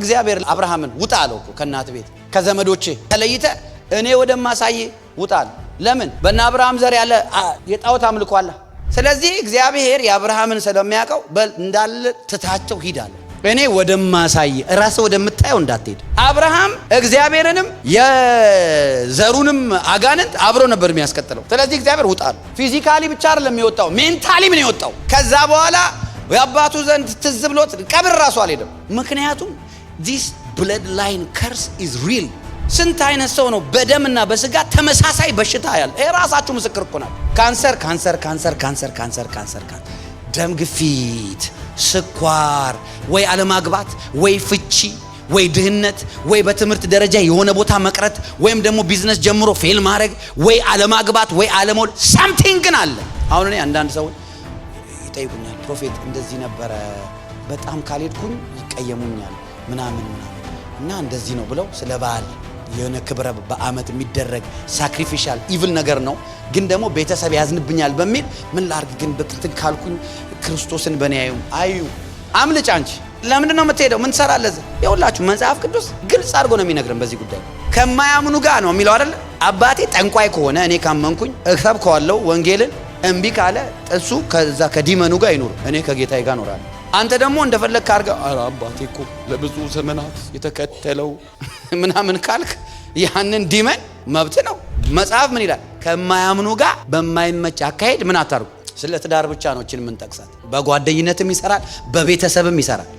እግዚአብሔር አብርሃምን ውጣ አለው እኮ ከእናት ቤት ከዘመዶቼ ተለይተ እኔ ወደማሳይ ውጣ አለ። ለምን በእነ አብርሃም ዘር ያለ የጣዖት አምልኮ አለ። ስለዚህ እግዚአብሔር የአብርሃምን ስለሚያውቀው በል እንዳለ ትታቸው ሂዳለ አለ። እኔ ወደማሳይ ራስ ወደምታየው እንዳትሄድ። አብርሃም እግዚአብሔርንም የዘሩንም አጋንንት አብሮ ነበር የሚያስቀጥለው። ስለዚህ እግዚአብሔር ውጣ አለው። ፊዚካሊ ብቻ አይደለም የወጣው ሜንታሊም ነው የወጣው። ከዛ በኋላ የአባቱ ዘንድ ትዝ ብሎት ቀብር ራሱ አልሄደም። ምክንያቱም ዲስ ብለድ ላይን ከርስ ኢዝ ሪል። ስንት አይነት ሰው ነው በደምና በስጋ ተመሳሳይ በሽታ ያለ? ራሳችሁ ምስክር እኮ ናት። ካንሰር ካንሰር ካንሰር ካንሰር ካንሰር ካንሰር ደም ግፊት፣ ስኳር፣ ወይ አለማግባት፣ ወይ ፍቺ፣ ወይ ድህነት፣ ወይ በትምህርት ደረጃ የሆነ ቦታ መቅረት፣ ወይም ደግሞ ቢዝነስ ጀምሮ ፌል ማድረግ፣ ወይ አለማግባት፣ ወይ አለመውለድ፣ ሳምቲንግ ግን አለ። አሁን እኔ አንዳንድ ሰው ይጠይቁኛል፣ ፕሮፌት እንደዚህ ነበረ፣ በጣም ካልሄድኩኝ ይቀየሙኛል ምናምን ምናምን እና እንደዚህ ነው ብለው ስለ ባህል የሆነ ክብረ በዓመት የሚደረግ ሳክሪፊሻል ኢቭል ነገር ነው። ግን ደግሞ ቤተሰብ ያዝንብኛል በሚል ምን ላርግ ግን በክትን ካልኩኝ ክርስቶስን በእኔ አዩ አዩ አምልጫ አንቺ ለምንድን ነው የምትሄደው? ምን ትሰራለህ? የሁላችሁ መጽሐፍ ቅዱስ ግልጽ አድርጎ ነው የሚነግረን በዚህ ጉዳይ። ከማያምኑ ጋር ነው የሚለው አይደለ? አባቴ ጠንቋይ ከሆነ እኔ ካመንኩኝ እሰብከዋለሁ ወንጌልን። እምቢ ካለ እሱ ከዛ ከዲመኑ ጋር ይኑር፣ እኔ ከጌታዬ ጋር እኖራለሁ። አንተ ደግሞ እንደፈለግ አድርገህ አረ አባቴ እኮ ለብዙ ዘመናት የተከተለው ምናምን ካልክ ያንን ዲመን መብት ነው። መጽሐፍ ምን ይላል? ከማያምኑ ጋር በማይመች አካሄድ ምን አታርጉ። ስለ ትዳር ብቻ ነው ችን የምንጠቅሳት። በጓደኝነትም ይሰራል፣ በቤተሰብም ይሰራል።